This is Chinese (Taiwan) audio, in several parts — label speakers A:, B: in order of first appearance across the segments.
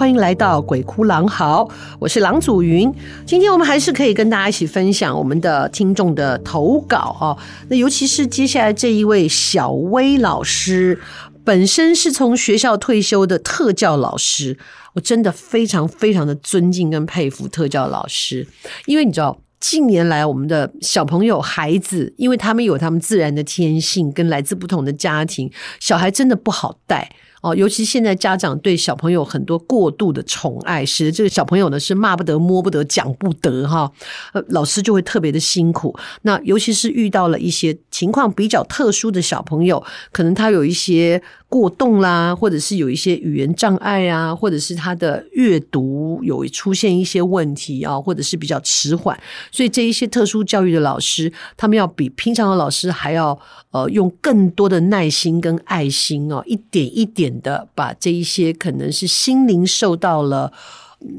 A: 歡迎來到鬼哭狼嚎，我是郎祖筠。今天我們還是可以跟大家一起分享我們的聽眾的投稿哦。那尤其是接下來這一位小威老師，本身是從學校退休的特教老師，我真的非常非常的尊敬跟佩服特教老師，因為你知道，近年來我們的小朋友孩子，因為他們有他們自然的天性跟來自不同的家庭，小孩真的不好帶。哦，尤其現在家長對小朋友很多過度的寵愛，使得這個小朋友呢是罵不得、摸不得、講不得哈，呃，老師就會特別的辛苦。那尤其是遇到了一些情況比較特殊的小朋友，可能他有一些。過動啦，或者是有一些語言障礙啊，或者是他的閱讀有出現一些問題啊，或者是比較遲緩，所以這一些特殊教育的老師，他們要比平常的老師還要呃用更多的耐心跟愛心啊，一點一點的把這一些可能是心靈受到了。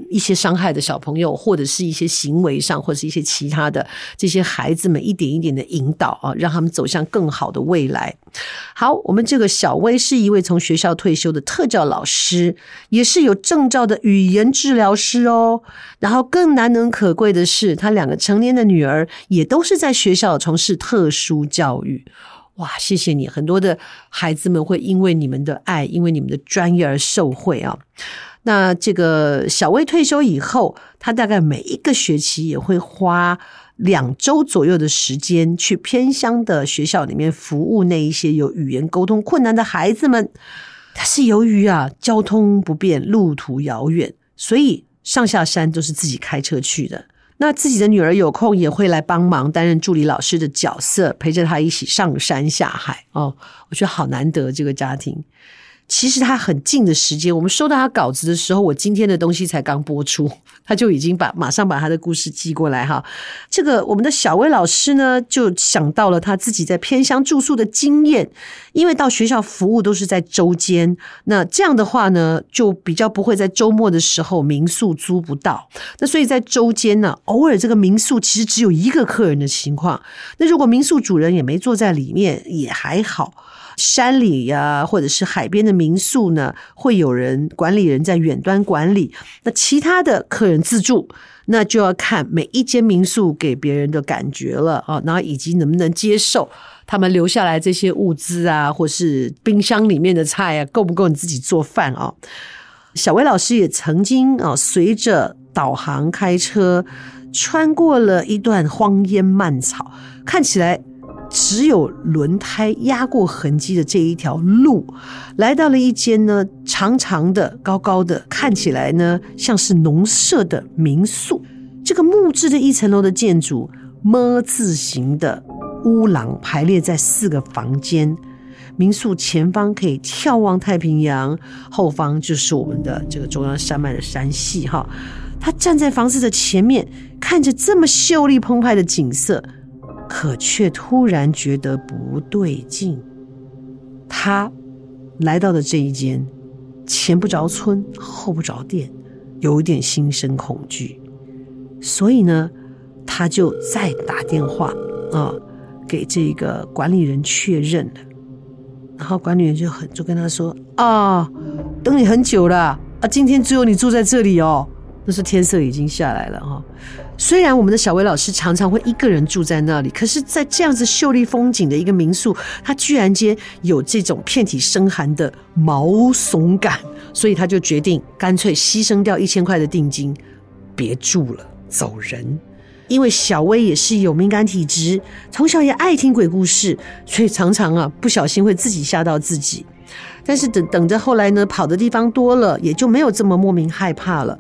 A: 一些傷害的小朋友，或者是一些行為上，或者是一些其他的這些孩子們，一點一點的引導啊，讓他們走向更好的未來。好，我們這個小威是一位從學校退休的特教老師，也是有證照的語言治療師哦。然後更難能可貴的是，她兩個成年的女兒也都是在學校從事特殊教育。哇，謝謝你！很多的孩子們會因為你們的愛，因為你們的專業而受惠啊。那這個小威退休以後，他大概每一個學期也會花兩周左右的時間去偏鄉的學校裡面服務那一些有語言溝通困難的孩子們。他是由於啊，交通不便，路途遙遠，所以上下山都是自己開車去的。那自己的女兒有空也會來幫忙，擔任助理老師的角色，陪着她一起上山下海。哦，我覺得好難得這個家庭。其實他很近的時間，我們收到他稿子的時候，我今天的東西才剛播出，他就已經把馬上把他的故事寄過來哈。這個我們的小威老師呢，就想到了他自己在偏鄉住宿的經驗，因為到學校服務都是在周間，那這樣的話呢，就比較不會在周末的時候民宿租不到。那所以在周間呢，偶爾這個民宿其實只有一個客人的情況，那如果民宿主人也沒坐在裡面，也還好。山裡呀、啊，或者是海邊的民宿呢，會有人管理人在遠端管理。那其他的客人自助，那就要看每一間民宿給別人的感覺了啊，然後以及能不能接受他們留下來這些物資啊，或是冰箱裡面的菜啊，夠不夠你自己做飯啊？小威老師也曾經啊，隨着導航開車穿過了一段荒煙蔓草，看起來。只有輪胎壓過痕跡的這一條路，來到了一間呢長長的、高高的，看起來呢像是農舍的民宿。這個木質的一層樓的建築，ㄇ 字形的屋廊排列在四個房間。民宿前方可以眺望太平洋，後方就是我們的這個中央山脈的山系。哈，他站在房子的前面，看着這麼秀麗澎湃的景色。可卻突然覺得不對勁，他來到的這一間，前不着村，後不着店，有一點心生恐懼，所以呢，他就再打電話啊、哦、給這個管理人確認了，然後管理員就很就跟他說啊、哦，等你很久了啊，今天只有你住在這裡哦。那時候天色已經下來了哈、哦，雖然我們的小威老師常常會一個人住在那裡，可是，在這樣子秀麗風景的一個民宿，她居然間有這種遍體生寒的毛悚感，所以她就決定乾脆犧牲掉一千塊的定金，別住了，走人。因為小威也是有敏感體質，從小也愛聽鬼故事，所以常常啊不小心會自己嚇到自己。但是等等着後來呢，跑的地方多了，也就沒有這麼莫名害怕了。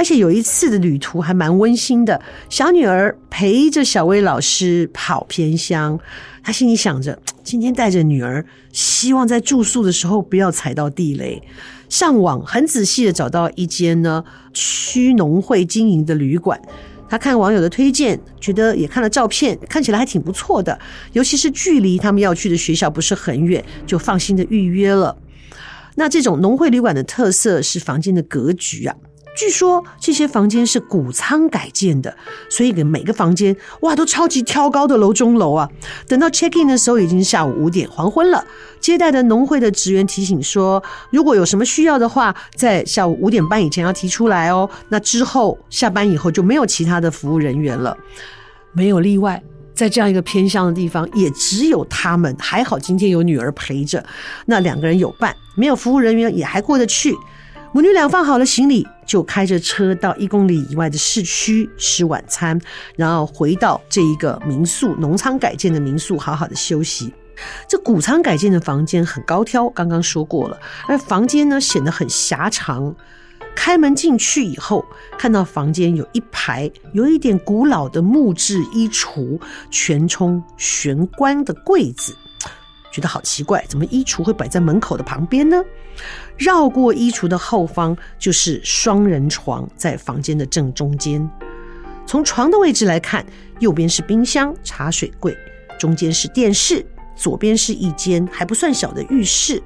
A: 而且有一次的旅途還蠻溫馨的，小女兒陪着小威老師跑偏鄉，她心裡想着今天帶着女兒，希望在住宿的時候不要踩到地雷。上網很仔細的找到一間呢區農會經營的旅館，她看網友的推薦，覺得也看了照片，看起來還挺不錯的，尤其是距離他們要去的學校不是很遠，就放心的預約了。那這種農會旅館的特色是房間的格局啊。據說這些房間是穀倉改建的，所以給每個房間哇都超級挑高的樓中樓啊！等到 check in 的時候已經下午五點黃昏了，接待的農會的職員提醒說，如果有什麼需要的話，在下午五點半以前要提出來哦，那之後下班以後就沒有其他的服務人員了，沒有例外。在這樣一個偏鄉的地方，也只有他們。還好今天有女兒陪着，那兩個人有伴，沒有服務人員也還過得去。母女倆放好了行李，就開着車到一公里以外的市區吃晚餐，然後回到這一個民宿，農倉改建的民宿，好好的休息。這谷倉改建的房間很高挑，剛剛說過了，而房間呢顯得很狹長。開門進去以後，看到房間有一排有一點古老的木質衣櫥，全衝玄關的櫃子。覺得好奇怪，怎麼衣櫥會擺在門口的旁邊呢？繞過衣櫥的後方，就是雙人床，在房間的正中間。從床的位置來看，右邊是冰箱、茶水櫃，中間是電視，左邊是一間還不算小的浴室。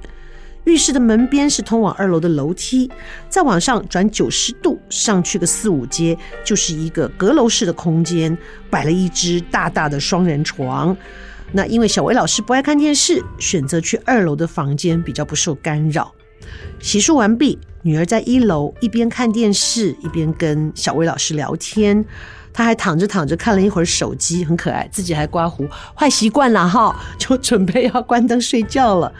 A: 浴室的門邊是通往二樓的樓梯，再往上轉九十度，上去個四五階，就是一個閣樓式的空間，擺了一隻大大的雙人床。那因為小威老師不愛看電視，選擇去二樓的房間比較不受干擾。洗漱完畢，女兒在一樓一邊看電視一邊跟小威老師聊天。她還躺着躺着看了一會兒手機，很可愛。自己還刮鬍，壞習慣了哈，就準備要關燈睡覺了。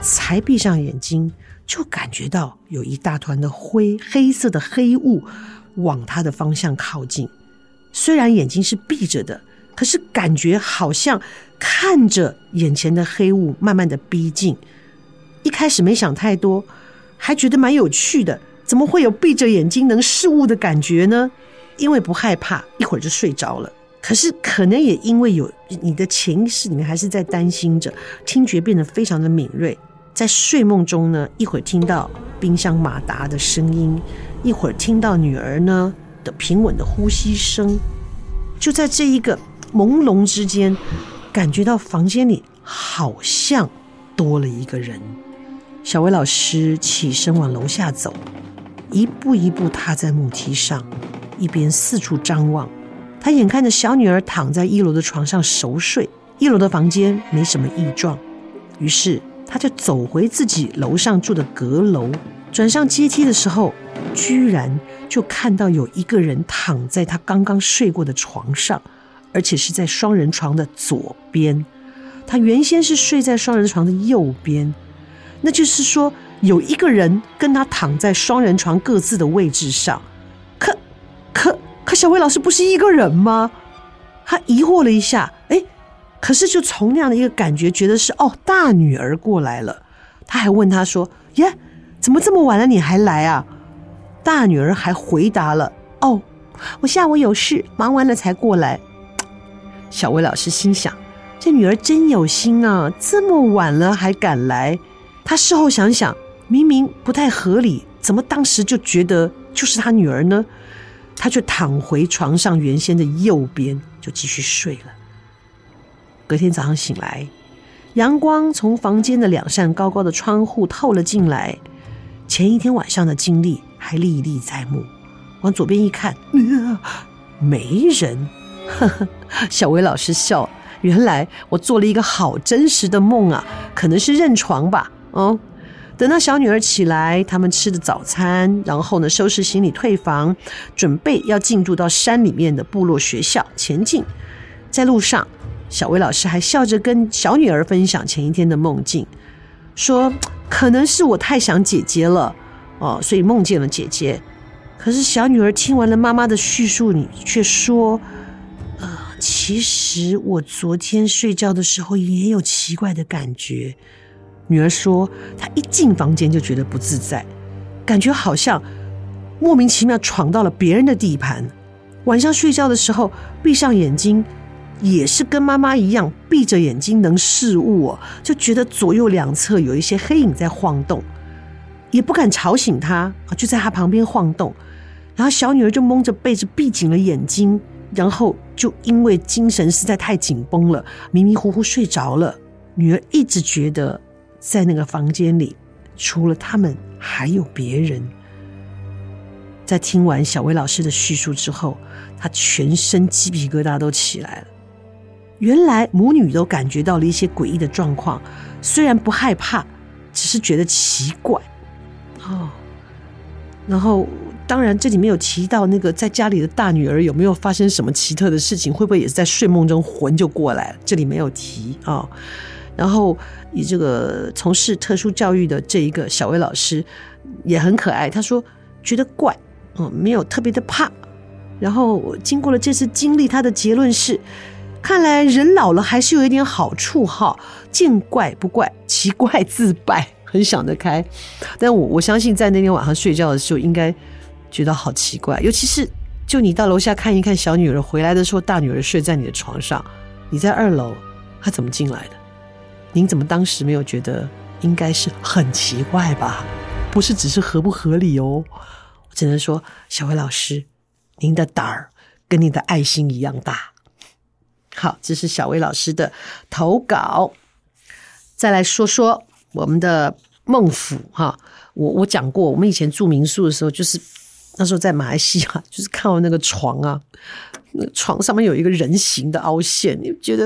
A: 才閉上眼睛，就感覺到有一大團的灰黑色的黑霧往她的方向靠近。雖然眼睛是閉着的。可是感覺好像看着眼前的黑霧慢慢的逼近，一開始沒想太多，還覺得蠻有趣的。怎麼會有閉着眼睛能視物的感覺呢？因為不害怕，一會兒就睡着了。可是可能也因為有你的潛意識裡面還是在擔心着，聽覺變得非常的敏銳，在睡夢中呢，一會兒聽到冰箱馬達的聲音，一會兒聽到女兒呢的平穩的呼吸聲，就在這一個。朦朧之間，感覺到房間裡好像多了一個人。小威老師起身往樓下走，一步一步踏在木梯上，一邊四處張望。他眼看着小女兒躺在一樓的床上熟睡，一樓的房間沒什麼異狀，於是他就走回自己樓上住的閣樓。轉上階梯的時候，居然就看到有一個人躺在他剛剛睡過的床上。而且是在雙人床的左邊，他原先是睡在雙人床的右邊，那就是說有一個人跟他躺在雙人床各自的位置上，可，可可小威老師不是一個人嗎？他疑惑了一下，哎，可是就從那樣的一個感覺，覺得是哦，大女兒過來了。他還問他說：“耶，怎麼這麼晚了你還來啊？”大女兒還回答了：“哦，我下午有事，忙完了才過來。”小威老師心想：“這女兒真有心啊，這麼晚了還敢來。”她事後想想，明明不太合理，怎麼當時就覺得就是她女兒呢？她卻躺回床上原先的右邊，就繼續睡了。隔天早上醒來，陽光從房間的兩扇高高的窗戶透了進來，前一天晚上的經歷還歷歷在目。往左邊一看，呃，沒人。呵呵，小威老師笑，原來我做了一個好真實的夢啊，可能是認床吧，哦、嗯。等到小女兒起來，他們吃的早餐，然後呢，收拾行李退房，準備要進駐到山裡面的部落學校前進。在路上，小威老師還笑着跟小女兒分享前一天的夢境，說可能是我太想姐姐了，哦，所以夢見了姐姐。可是小女兒聽完了媽媽的敘述，你卻說。其實我昨天睡覺的時候也有奇怪的感覺。女兒說，她一進房間就覺得不自在，感覺好像莫名其妙闖到了別人的地盤。晚上睡覺的時候，閉上眼睛也是跟媽媽一樣，閉着眼睛能視物哦，就覺得左右兩側有一些黑影在晃動，也不敢吵醒她，就在她旁邊晃動。然後小女兒就蒙着被子，閉緊了眼睛，然後。就因為精神實在太緊繃了，迷迷糊糊睡着了。女兒一直覺得在那個房間裡，除了他們還有別人。在聽完小威老師的敘述之後，她全身雞皮疙瘩都起來了。原來母女都感覺到了一些詭異的狀況，雖然不害怕，只是覺得奇怪。哦，然後。當然，這裡沒有提到那個在家裡的大女兒有沒有發生什麼奇特的事情？會不會也是在睡夢中魂就過來了？這裡沒有提啊、哦。然後以這個從事特殊教育的這一個小威老師也很可愛，她說覺得怪，嗯、哦，沒有特別的怕。然後經過了這次經歷，她的結論是：看來人老了還是有一點好處哈，見怪不怪，其怪自敗，很想得開。但我我相信，在那天晚上睡覺的時候，應該。覺得好奇怪，尤其是就你到樓下看一看，小女兒回來的時候，大女兒睡在你的床上，你在二樓，她怎麼進來的？您怎麼當時沒有覺得應該是很奇怪吧？不是只是合不合理哦？我只能說，小威老師，您的膽兒跟你的愛心一樣大。好，這是小威老師的投稿。再來說說我們的孟頫哈，我我講過，我們以前住民宿的時候就是。那時候在馬來西亞，就是看到那個床啊，那個床上面有一個人形的凹陷，你覺得，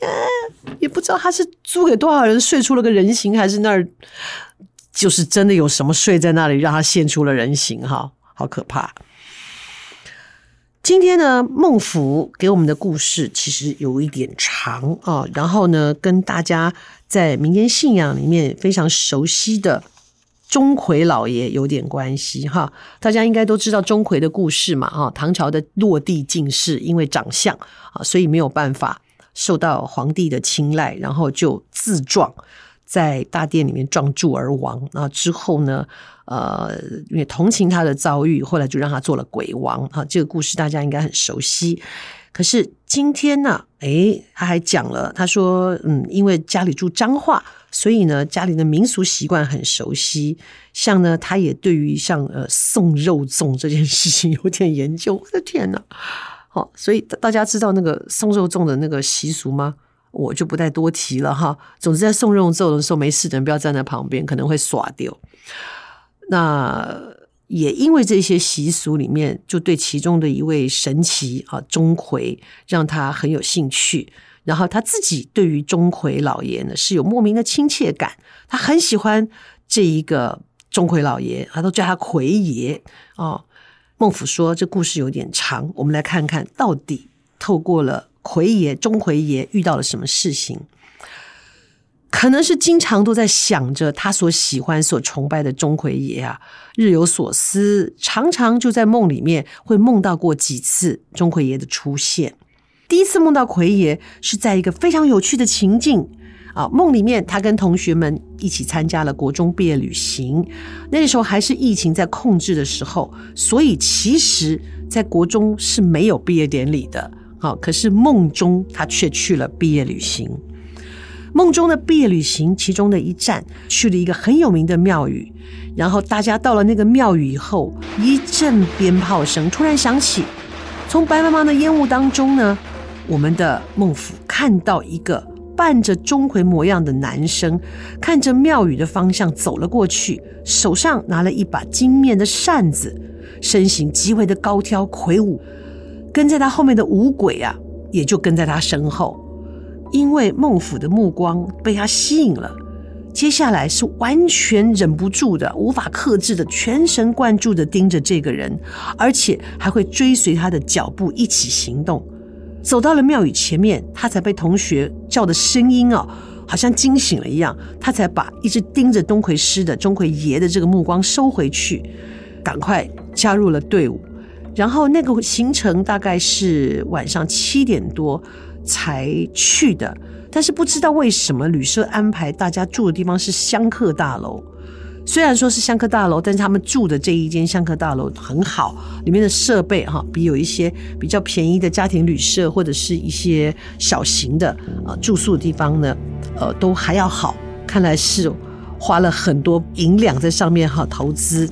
A: 呃、啊，也不知道他是租給多少人睡出了個人形，還是那兒就是真的有什麼睡在那裡讓他現出了人形，哈，好可怕。今天呢，孟頫給我們的故事其實有一點長啊、哦，然後呢，跟大家在民間信仰裡面非常熟悉的。鍾馗老爺有點關係哈，大家應該都知道鍾馗的故事嘛哈，唐朝的落第進士，因為長相啊，所以沒有辦法受到皇帝的青睞，然後就自撞在大殿裡面撞柱而亡。那之後呢，呃，也同情他的遭遇，後來就讓他做了鬼王啊。這個故事大家應該很熟悉。可是今天呢、啊，誒，他還講了，他說，嗯，因為家裡住彰化。所以呢，家裡的民俗習慣很熟悉，像呢，他也對於像呃送肉粽這件事情有點研究。我的天吶，好，哦，所以大家知道那個送肉粽的那個習俗嗎？我就不太多提了哈。總之，在送肉粽的時候，沒事的人不要站在旁邊，可能會耍掉。那也因為這些習俗裡面，就對其中的一位神祇啊鍾馗，讓他很有興趣。然後他自己對於鍾馗老爺呢是有莫名的親切感，他很喜歡這一個鍾馗老爺，他都叫他魁爺哦。孟頫說這故事有點長，我們來看看到底透過了魁爺鍾馗爺遇到了什麼事情。可能是經常都在想着他所喜歡、所崇拜的鍾馗爺啊，日有所思，常常就在夢裡面會夢到過幾次鍾馗爺的出現。第一次夢到馗爺是在一個非常有趣的情境啊，哦，夢裡面他跟同學們一起參加了國中畢業旅行，那時候還是疫情在控制的時候，所以其實，在國中是沒有畢業典禮的。啊、哦，可是夢中他卻去了畢業旅行。夢中的畢業旅行其中的一站去了一個很有名的廟宇，然後大家到了那個廟宇以後，一陣鞭炮聲突然響起，從白茫茫的煙霧當中呢。我們的孟頫看到一個扮著鍾馗模樣的男生，看着廟宇的方向走了過去，手上拿了一把金面的扇子，身形極為的高挑魁梧。跟在他後面的五鬼啊，也就跟在他身後，因為孟頫的目光被他吸引了。接下來是完全忍不住的、無法克制的，全神貫注的盯着這個人，而且還會追隨他的腳步一起行動。走到了廟宇前面，他才被同學叫的聲音啊、哦，好像驚醒了一樣，他才把一直盯着鍾馗師的鍾馗爺的這個目光收回去，趕快加入了隊伍。然後那個行程大概是晚上七點多才去的，但是不知道為什麼旅社安排大家住的地方是香客大樓。雖然說是香客大樓，但是他們住的這一間香客大樓很好，裡面的設備哈、啊、比有一些比較便宜的家庭旅社或者是一些小型的、啊、住宿的地方呢，呃，都還要好。看來是花了很多銀兩在上面哈、啊、投資。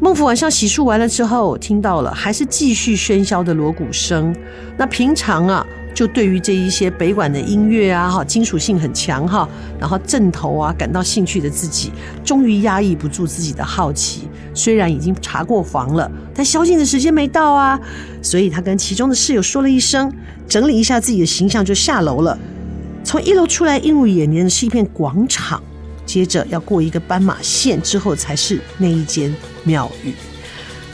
A: 孟頫晚上洗漱完了之後，聽到了還是繼續喧囂的鑼鼓聲。那平常啊。就對於這一些北管的音樂啊，哈，金屬性很強哈、啊，然後陣頭啊，感到興趣的自己，終於壓抑不住自己的好奇。雖然已經查過房了，但宵禁的時間沒到啊，所以他跟其中的室友說了一聲，整理一下自己的形象就下樓了。從一樓出來，映入眼簾的是一片廣場，接着要過一個斑馬線，之後才是那一間廟宇。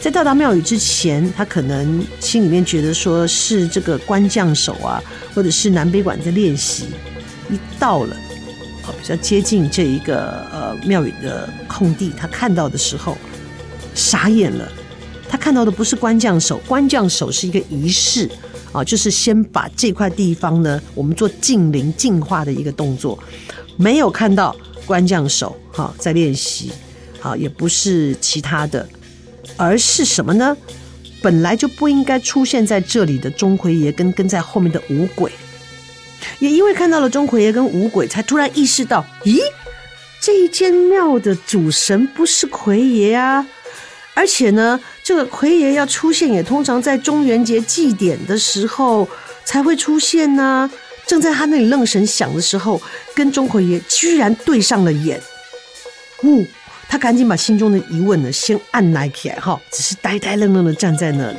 A: 在到達廟宇之前，他可能心裡面覺得說是這個官將首啊，或者是南北管在練習。一到了，比較接近這一個呃廟宇的空地，他看到的時候傻眼了。他看到的不是官將首，官將首是一個儀式啊，就是先把這塊地方呢，我們做淨靈淨化的一個動作，沒有看到官將首哈、啊、在練習，啊，也不是其他的。而是什麼呢？本來就不應該出現在這裡的鍾馗爺跟跟在後面的五鬼，也因為看到了鍾馗爺跟五鬼，才突然意識到，咦，這一間廟的主神不是馗爺啊！而且呢，這個馗爺要出現，也通常在中元節祭典的時候才會出現呢、啊。正在他那裡愣神想的時候，跟鍾馗爺居然對上了眼，嗚、哦他趕緊把心中的疑問呢先按捺起來，哈，只是呆呆愣愣的站在那裡，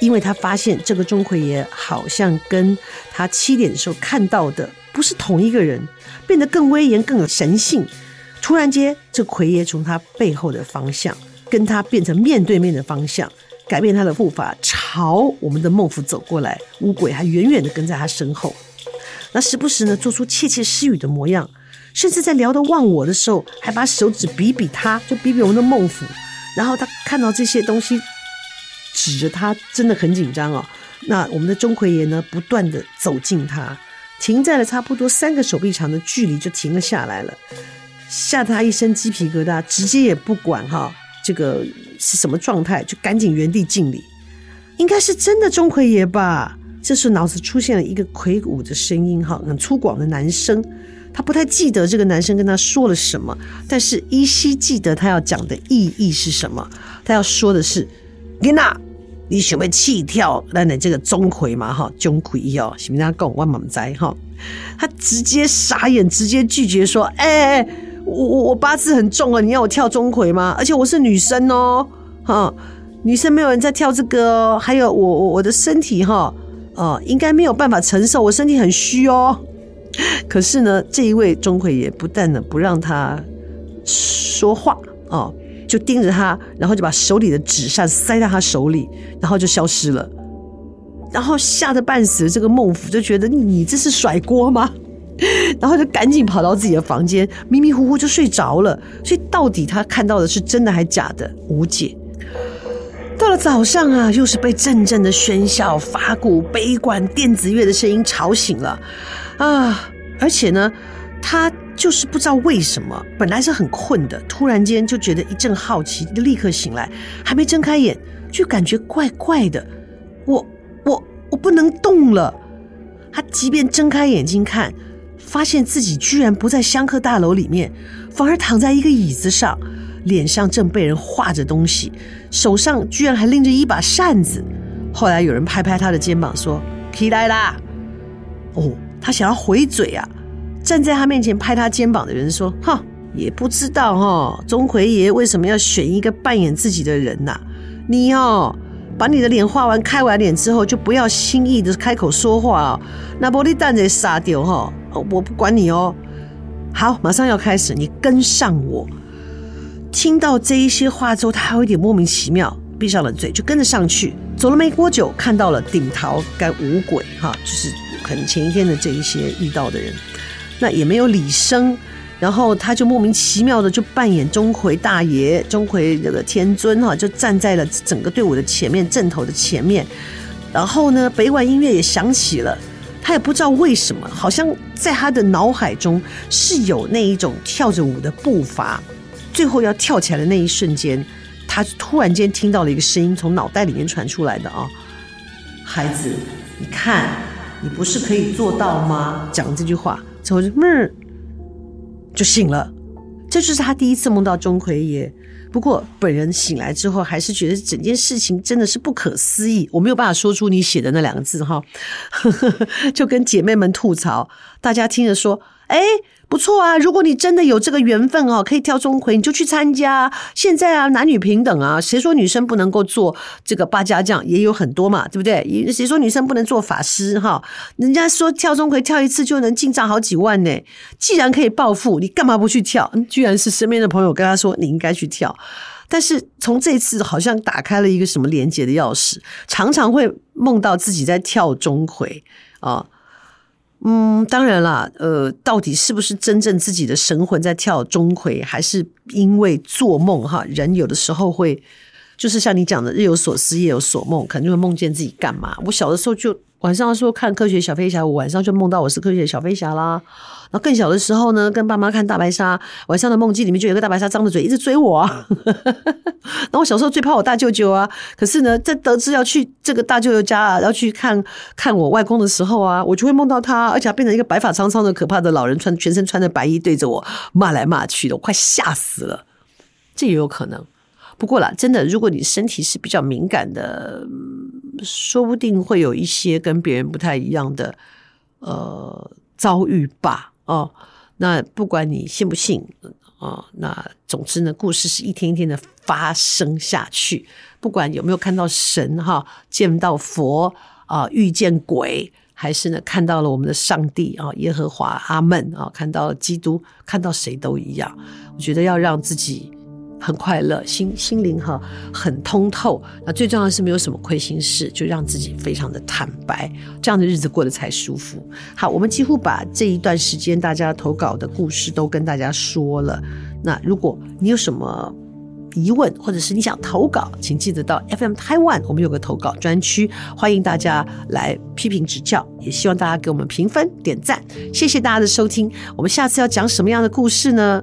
A: 因為他發現這個鍾馗爺好像跟他七點的時候看到的不是同一個人，變得更威嚴，更有神性。突然間，這魁爺從他背後的方向跟他變成面對面的方向，改變他的步伐，朝我們的孟頫走過來。五鬼還遠遠的跟在他身後，那時不時呢做出竊竊私語的模樣。甚至在聊到忘我的時候，還把手指比比他，就比比我們的孟頫。然後他看到這些東西，指着他，真的很緊張哦。那我們的鍾馗爺呢，不斷的走近他，停在了差不多三個手臂長的距離，就停了下來了，嚇得他一身雞皮疙瘩，直接也不管哈、哦，這個是什麼狀態，就趕緊原地敬禮。應該是真的鍾馗爺吧？這時腦子出現了一個魁梧的聲音哈，很粗獷的男聲。他不太記得這個男生跟他說了什麼，但是依稀記得他要講的意義是什麼。他要說的是：“麗娜，你學會氣跳？那你這個鍾馗嘛，哈、喔，鍾馗哦，什麼人家跟我玩猛仔哈？”他直接傻眼，直接拒絕說：“哎、欸、我我我八字很重啊，你要我跳鍾馗嗎？而且我是女生哦、喔，哈、喔，女生沒有人在跳這個、喔。還有我我我的身體哈、喔，啊、呃，應該沒有辦法承受，我身體很虛哦、喔。”可是呢，這一位鍾馗也不但呢不讓他說話哦，就盯着他，然後就把手裡的紙扇塞到他手裡，然後就消失了。然後嚇得半死的這個孟頫就覺得你，你這是甩鍋嗎？然後就趕緊跑到自己的房間，迷迷糊糊就睡着了。所以到底他看到的是真的還是假的，無解。到了早上啊，又是被陣陣的喧囂、法鼓、悲管、電子樂的聲音吵醒了。啊！而且呢，他就是不知道為什麼，本來是很困的，突然間就覺得一陣好奇，立刻醒來，還沒睜開眼，就感覺怪怪的。我、我、我不能動了。他即便睜開眼睛看，發現自己居然不在香客大樓裡面，反而躺在一個椅子上，臉上正被人畫着東西，手上居然還拎着一把扇子。後來有人拍拍他的肩膀說：“起來啦！”哦。他想要回嘴啊！站在他面前拍他肩膀的人說：“哈，也不知道哈、哦，鍾馗爺為什麼要選一個扮演自己的人吶、啊？你哦，把你的臉畫完、開完臉之後，就不要輕易的開口說話哦。那玻璃蛋得殺掉哈、哦，我不管你哦。好，馬上要開始，你跟上我。聽到這一些話之後，他有一點莫名其妙，閉上了嘴，就跟着上去。走了沒多久，看到了頂桃該五鬼哈、啊，就是。”可能前一天的這一些遇到的人，那也沒有李生，然後他就莫名其妙的就扮演鍾馗大爺，鍾馗這個天尊哈，就站在了整個隊伍的前面，陣頭的前面。然後呢，北管音樂也響起了，他也不知道為什麼，好像在他的腦海中是有那一種跳着舞的步伐，最後要跳起來的那一瞬間，他突然間聽到了一個聲音從腦袋裡面傳出來的啊，哦，孩子，你看。你不是可以做到嗎？講這句話，之後就、嗯、就醒了。這就是他第一次夢到鍾馗爺。不過本人醒來之後，還是覺得整件事情真的是不可思議，我沒有辦法說出你寫的那兩個字哈呵呵呵，就跟姐妹們吐槽，大家聽着說。哎，不錯啊！如果你真的有這個緣分哦，可以跳鍾馗，你就去參加。現在啊，男女平等啊，誰說女生不能夠做這個八家將也有很多嘛，對不對？誰說女生不能做法師哈？人家說跳鍾馗跳一次就能進賬好幾萬呢。既然可以暴富，你幹嘛不去跳？居然是身邊的朋友跟他說，你應該去跳。但是從這次好像打開了一個什麼連接的鑰匙，常常會夢到自己在跳鍾馗啊。嗯，當然啦，呃，到底是不是真正自己的神魂在跳鍾馗，還是因為做夢？哈，人有的時候會，就是像你講的，日有所思，夜有所夢，可能就會夢見自己幹嘛？我小的時候就。晚上說看科學小飛俠，我晚上就夢到我是科學小飛俠啦。然後更小的時候呢，跟爸媽看大白鯊，晚上的夢境裡面就有個大白鯊張着嘴一直追我。 然後我小時候最怕我大舅舅啊，可是呢，在得知要去這個大舅舅家啊，要去看看我外公的時候啊，我就會夢到他，而且還變成一個白髮蒼蒼的可怕的老人，穿全身穿着白衣，對着我罵來罵去的，我快嚇死了。這也有可能。不過啦，真的，如果你身體是比較敏感的。說不定會有一些跟別人不太一樣的呃遭遇吧，哦，那不管你信不信啊、哦，那總之呢，故事是一天一天的發生下去，不管有沒有看到神哈，見到佛啊、呃，遇見鬼，還是呢看到了我們的上帝啊，耶和華阿門啊，看到了基督，看到誰都一樣，我覺得要讓自己。很快樂，心心靈哈很通透。那最重要的是沒有什麼虧心事，就讓自己非常的坦白，這樣的日子過得才舒服。好，我們幾乎把這一段時間大家投稿的故事都跟大家說了。那如果你有什麼疑問，或者是你想投稿，請記得到 FM Taiwan，我們有個投稿專區，歡迎大家來批評指教，也希望大家給我們評分點讚。謝謝大家的收聽，我們下次要講什麼樣的故事呢？